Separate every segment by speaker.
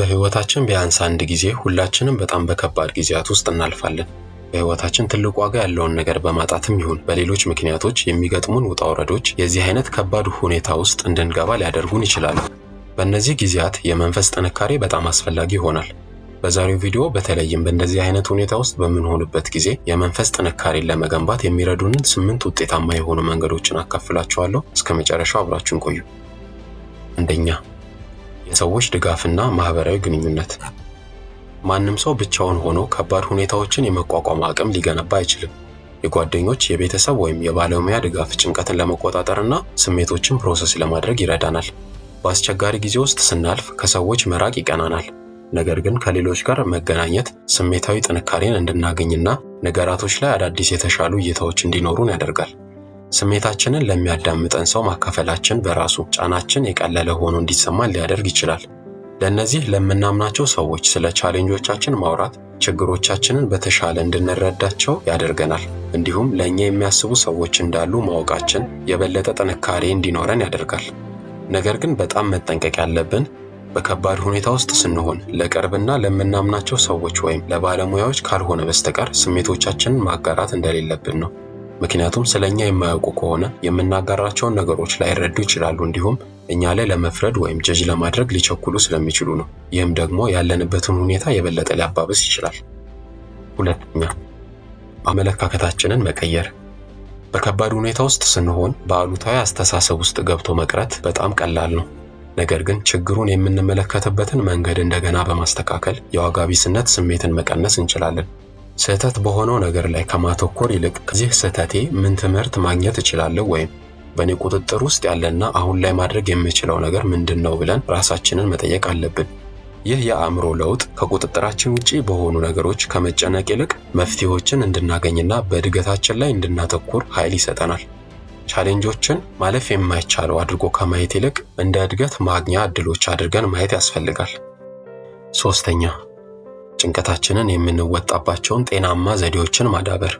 Speaker 1: በህይወታችን ቢያንስ አንድ ጊዜ ሁላችንም በጣም በከባድ ጊዜያት ውስጥ እናልፋለን። በህይወታችን ትልቅ ዋጋ ያለውን ነገር በማጣትም ይሁን በሌሎች ምክንያቶች የሚገጥሙን ውጣ ውረዶች የዚህ አይነት ከባድ ሁኔታ ውስጥ እንድንገባ ሊያደርጉን ይችላሉ። በእነዚህ ጊዜያት የመንፈስ ጥንካሬ በጣም አስፈላጊ ይሆናል። በዛሬው ቪዲዮ በተለይም በእንደዚህ አይነት ሁኔታ ውስጥ በምንሆንበት ጊዜ የመንፈስ ጥንካሬን ለመገንባት የሚረዱንን ስምንት ውጤታማ የሆኑ መንገዶችን አካፍላችኋለሁ። እስከ መጨረሻው አብራችሁን ቆዩ። አንደኛ የሰዎች ድጋፍና ማህበራዊ ግንኙነት ማንም ሰው ብቻውን ሆኖ ከባድ ሁኔታዎችን የመቋቋም አቅም ሊገነባ አይችልም። የጓደኞች፣ የቤተሰብ ወይም የባለሙያ ድጋፍ ጭንቀትን ለመቆጣጠርና ስሜቶችን ፕሮሰስ ለማድረግ ይረዳናል። በአስቸጋሪ ጊዜ ውስጥ ስናልፍ ከሰዎች መራቅ ይቀናናል። ነገር ግን ከሌሎች ጋር መገናኘት ስሜታዊ ጥንካሬን እንድናገኝና ነገራቶች ላይ አዳዲስ የተሻሉ እይታዎች እንዲኖሩን ያደርጋል። ስሜታችንን ለሚያዳምጠን ሰው ማካፈላችን በራሱ ጫናችን የቀለለ ሆኖ እንዲሰማን ሊያደርግ ይችላል። ለእነዚህ ለምናምናቸው ሰዎች ስለ ቻሌንጆቻችን ማውራት ችግሮቻችንን በተሻለ እንድንረዳቸው ያደርገናል። እንዲሁም ለእኛ የሚያስቡ ሰዎች እንዳሉ ማወቃችን የበለጠ ጥንካሬ እንዲኖረን ያደርጋል። ነገር ግን በጣም መጠንቀቅ ያለብን በከባድ ሁኔታ ውስጥ ስንሆን ለቅርብና ለምናምናቸው ሰዎች ወይም ለባለሙያዎች ካልሆነ በስተቀር ስሜቶቻችንን ማጋራት እንደሌለብን ነው። ምክንያቱም ስለ እኛ የማያውቁ ከሆነ የምናጋራቸውን ነገሮች ላይረዱ ይችላሉ። እንዲሁም እኛ ላይ ለመፍረድ ወይም ጀጅ ለማድረግ ሊቸኩሉ ስለሚችሉ ነው። ይህም ደግሞ ያለንበትን ሁኔታ የበለጠ ሊያባብስ ይችላል። ሁለተኛ አመለካከታችንን መቀየር። በከባድ ሁኔታ ውስጥ ስንሆን በአሉታዊ አስተሳሰብ ውስጥ ገብቶ መቅረት በጣም ቀላል ነው። ነገር ግን ችግሩን የምንመለከትበትን መንገድ እንደገና በማስተካከል የዋጋ ቢስነት ስሜትን መቀነስ እንችላለን። ስህተት በሆነው ነገር ላይ ከማተኮር ይልቅ ከዚህ ስህተቴ ምን ትምህርት ማግኘት እችላለሁ ወይም በእኔ ቁጥጥር ውስጥ ያለና አሁን ላይ ማድረግ የምችለው ነገር ምንድን ነው ብለን ራሳችንን መጠየቅ አለብን። ይህ የአእምሮ ለውጥ ከቁጥጥራችን ውጪ በሆኑ ነገሮች ከመጨነቅ ይልቅ መፍትሄዎችን እንድናገኝና በእድገታችን ላይ እንድናተኩር ኃይል ይሰጠናል። ቻሌንጆችን ማለፍ የማይቻለው አድርጎ ከማየት ይልቅ እንደ እድገት ማግኛ እድሎች አድርገን ማየት ያስፈልጋል። ሶስተኛ ጭንቀታችንን የምንወጣባቸውን ጤናማ ዘዴዎችን ማዳበር።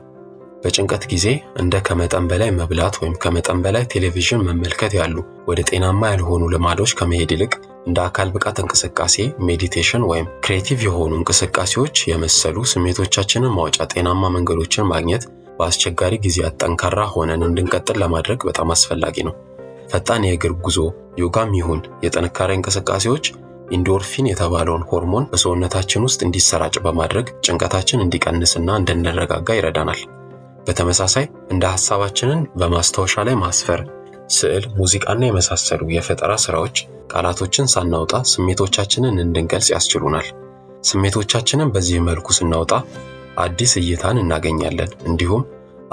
Speaker 1: በጭንቀት ጊዜ እንደ ከመጠን በላይ መብላት ወይም ከመጠን በላይ ቴሌቪዥን መመልከት ያሉ ወደ ጤናማ ያልሆኑ ልማዶች ከመሄድ ይልቅ እንደ አካል ብቃት እንቅስቃሴ፣ ሜዲቴሽን ወይም ክሬቲቭ የሆኑ እንቅስቃሴዎች የመሰሉ ስሜቶቻችንን ማውጫ ጤናማ መንገዶችን ማግኘት በአስቸጋሪ ጊዜያት ጠንካራ ሆነን እንድንቀጥል ለማድረግ በጣም አስፈላጊ ነው። ፈጣን የእግር ጉዞ፣ ዮጋም ይሁን የጥንካሬ እንቅስቃሴዎች ኢንዶርፊን የተባለውን ሆርሞን በሰውነታችን ውስጥ እንዲሰራጭ በማድረግ ጭንቀታችን እንዲቀንስና እንድንረጋጋ ይረዳናል። በተመሳሳይ እንደ ሐሳባችንን በማስታወሻ ላይ ማስፈር፣ ስዕል፣ ሙዚቃና የመሳሰሉ የፈጠራ ስራዎች ቃላቶችን ሳናውጣ ስሜቶቻችንን እንድንገልጽ ያስችሉናል። ስሜቶቻችንን በዚህ መልኩ ስናወጣ አዲስ እይታን እናገኛለን። እንዲሁም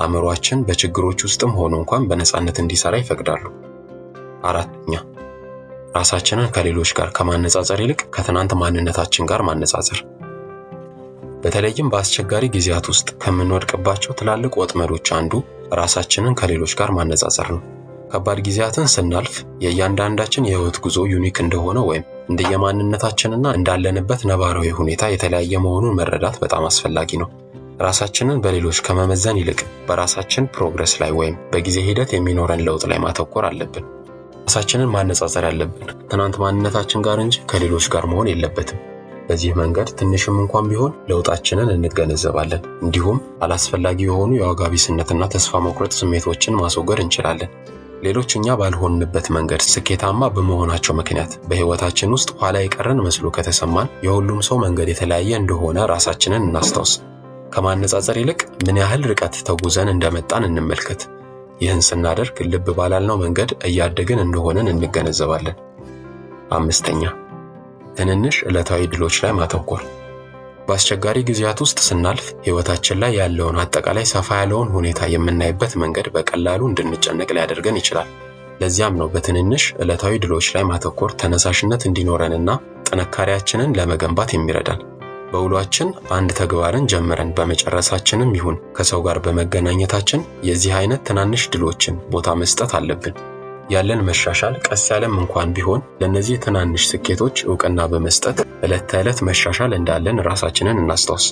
Speaker 1: አእምሯችን በችግሮች ውስጥም ሆኖ እንኳን በነፃነት እንዲሰራ ይፈቅዳሉ። አራተኛ ራሳችንን ከሌሎች ጋር ከማነጻጸር ይልቅ ከትናንት ማንነታችን ጋር ማነጻጸር በተለይም በአስቸጋሪ ጊዜያት ውስጥ ከምንወድቅባቸው ትላልቅ ወጥመዶች አንዱ ራሳችንን ከሌሎች ጋር ማነጻጸር ነው። ከባድ ጊዜያትን ስናልፍ የእያንዳንዳችን የህይወት ጉዞ ዩኒክ እንደሆነ ወይም እንደየማንነታችንና እንዳለንበት ነባራዊ ሁኔታ የተለያየ መሆኑን መረዳት በጣም አስፈላጊ ነው። ራሳችንን በሌሎች ከመመዘን ይልቅ በራሳችን ፕሮግረስ ላይ ወይም በጊዜ ሂደት የሚኖረን ለውጥ ላይ ማተኮር አለብን። ራሳችንን ማነጻጸር ያለብን ትናንት ማንነታችን ጋር እንጂ ከሌሎች ጋር መሆን የለበትም። በዚህ መንገድ ትንሽም እንኳን ቢሆን ለውጣችንን እንገነዘባለን። እንዲሁም አላስፈላጊ የሆኑ የዋጋ ቢስነትና ተስፋ መቁረጥ ስሜቶችን ማስወገድ እንችላለን። ሌሎች እኛ ባልሆንበት መንገድ ስኬታማ በመሆናቸው ምክንያት በሕይወታችን ውስጥ ኋላ የቀረን መስሎ ከተሰማን የሁሉም ሰው መንገድ የተለያየ እንደሆነ ራሳችንን እናስታውስ። ከማነጻጸር ይልቅ ምን ያህል ርቀት ተጉዘን እንደመጣን እንመልከት። ይህን ስናደርግ ልብ ባላልነው መንገድ እያደግን እንደሆንን እንገነዘባለን። አምስተኛ ትንንሽ ዕለታዊ ድሎች ላይ ማተኮር። በአስቸጋሪ ጊዜያት ውስጥ ስናልፍ ሕይወታችን ላይ ያለውን አጠቃላይ ሰፋ ያለውን ሁኔታ የምናይበት መንገድ በቀላሉ እንድንጨነቅ ሊያደርገን ይችላል። ለዚያም ነው በትንንሽ ዕለታዊ ድሎች ላይ ማተኮር ተነሳሽነት እንዲኖረንና ጥንካሬያችንን ለመገንባት የሚረዳን። በውሏችን አንድ ተግባርን ጀምረን በመጨረሳችንም ይሁን ከሰው ጋር በመገናኘታችን የዚህ አይነት ትናንሽ ድሎችን ቦታ መስጠት አለብን። ያለን መሻሻል ቀስ ያለም እንኳን ቢሆን ለእነዚህ ትናንሽ ስኬቶች እውቅና በመስጠት ዕለት ተዕለት መሻሻል እንዳለን ራሳችንን እናስታውስ።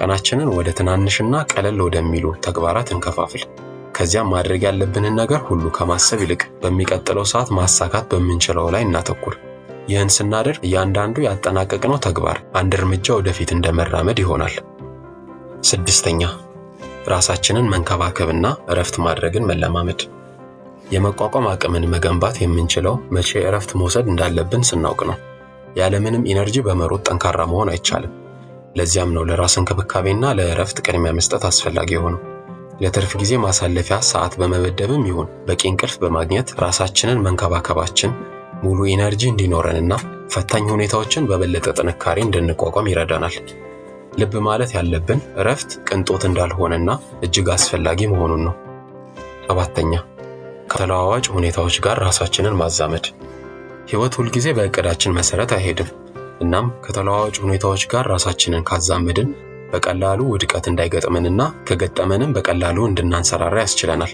Speaker 1: ቀናችንን ወደ ትናንሽና ቀለል ወደሚሉ ተግባራት እንከፋፍል። ከዚያም ማድረግ ያለብንን ነገር ሁሉ ከማሰብ ይልቅ በሚቀጥለው ሰዓት ማሳካት በምንችለው ላይ እናተኩር። ይህን ስናደርግ እያንዳንዱ ያጠናቀቅነው ተግባር አንድ እርምጃ ወደፊት እንደመራመድ ይሆናል። ስድስተኛ ራሳችንን መንከባከብና እረፍት ማድረግን መለማመድ። የመቋቋም አቅምን መገንባት የምንችለው መቼ እረፍት መውሰድ እንዳለብን ስናውቅ ነው። ያለምንም ኢነርጂ በመሮጥ ጠንካራ መሆን አይቻልም። ለዚያም ነው ለራስ እንክብካቤና ለእረፍት ቅድሚያ መስጠት አስፈላጊ የሆነው። ለትርፍ ጊዜ ማሳለፊያ ሰዓት በመመደብም ይሁን በቂ እንቅልፍ በማግኘት ራሳችንን መንከባከባችን ሙሉ ኢነርጂ እንዲኖረንና ፈታኝ ሁኔታዎችን በበለጠ ጥንካሬ እንድንቋቋም ይረዳናል። ልብ ማለት ያለብን እረፍት ቅንጦት እንዳልሆነና እጅግ አስፈላጊ መሆኑን ነው። ሰባተኛ ከተለዋዋጭ ሁኔታዎች ጋር ራሳችንን ማዛመድ። ሕይወት ሁልጊዜ በእቅዳችን መሰረት አይሄድም። እናም ከተለዋዋጭ ሁኔታዎች ጋር ራሳችንን ካዛመድን በቀላሉ ውድቀት እንዳይገጥመንና ከገጠመንም በቀላሉ እንድናንሰራራ ያስችለናል።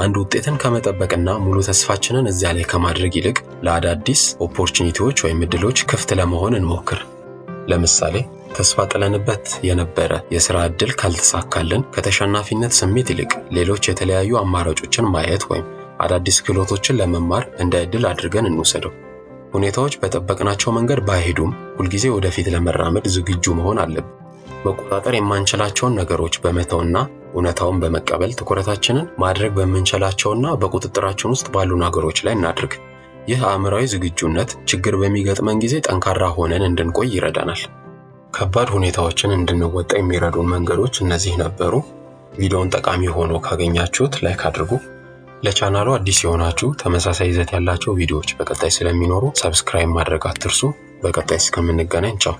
Speaker 1: አንድ ውጤትን ከመጠበቅና ሙሉ ተስፋችንን እዚያ ላይ ከማድረግ ይልቅ ለአዳዲስ ኦፖርቹኒቲዎች ወይም እድሎች ክፍት ለመሆን እንሞክር። ለምሳሌ ተስፋ ጥለንበት የነበረ የሥራ ዕድል ካልተሳካልን ከተሸናፊነት ስሜት ይልቅ ሌሎች የተለያዩ አማራጮችን ማየት ወይም አዳዲስ ክህሎቶችን ለመማር እንደ ዕድል አድርገን እንውሰደው። ሁኔታዎች በጠበቅናቸው መንገድ ባይሄዱም ሁልጊዜ ወደፊት ለመራመድ ዝግጁ መሆን አለብን። መቆጣጠር የማንችላቸውን ነገሮች በመተውና እውነታውን በመቀበል ትኩረታችንን ማድረግ በምንችላቸውና በቁጥጥራችን ውስጥ ባሉ ነገሮች ላይ እናድርግ። ይህ አእምራዊ ዝግጁነት ችግር በሚገጥመን ጊዜ ጠንካራ ሆነን እንድንቆይ ይረዳናል። ከባድ ሁኔታዎችን እንድንወጣ የሚረዱን መንገዶች እነዚህ ነበሩ። ቪዲዮውን ጠቃሚ ሆኖ ካገኛችሁት ላይክ አድርጉ። ለቻናሉ አዲስ የሆናችሁ ተመሳሳይ ይዘት ያላቸው ቪዲዮዎች በቀጣይ ስለሚኖሩ ሰብስክራይብ ማድረግ አትርሱ። በቀጣይ እስከምንገናኝ ቻው።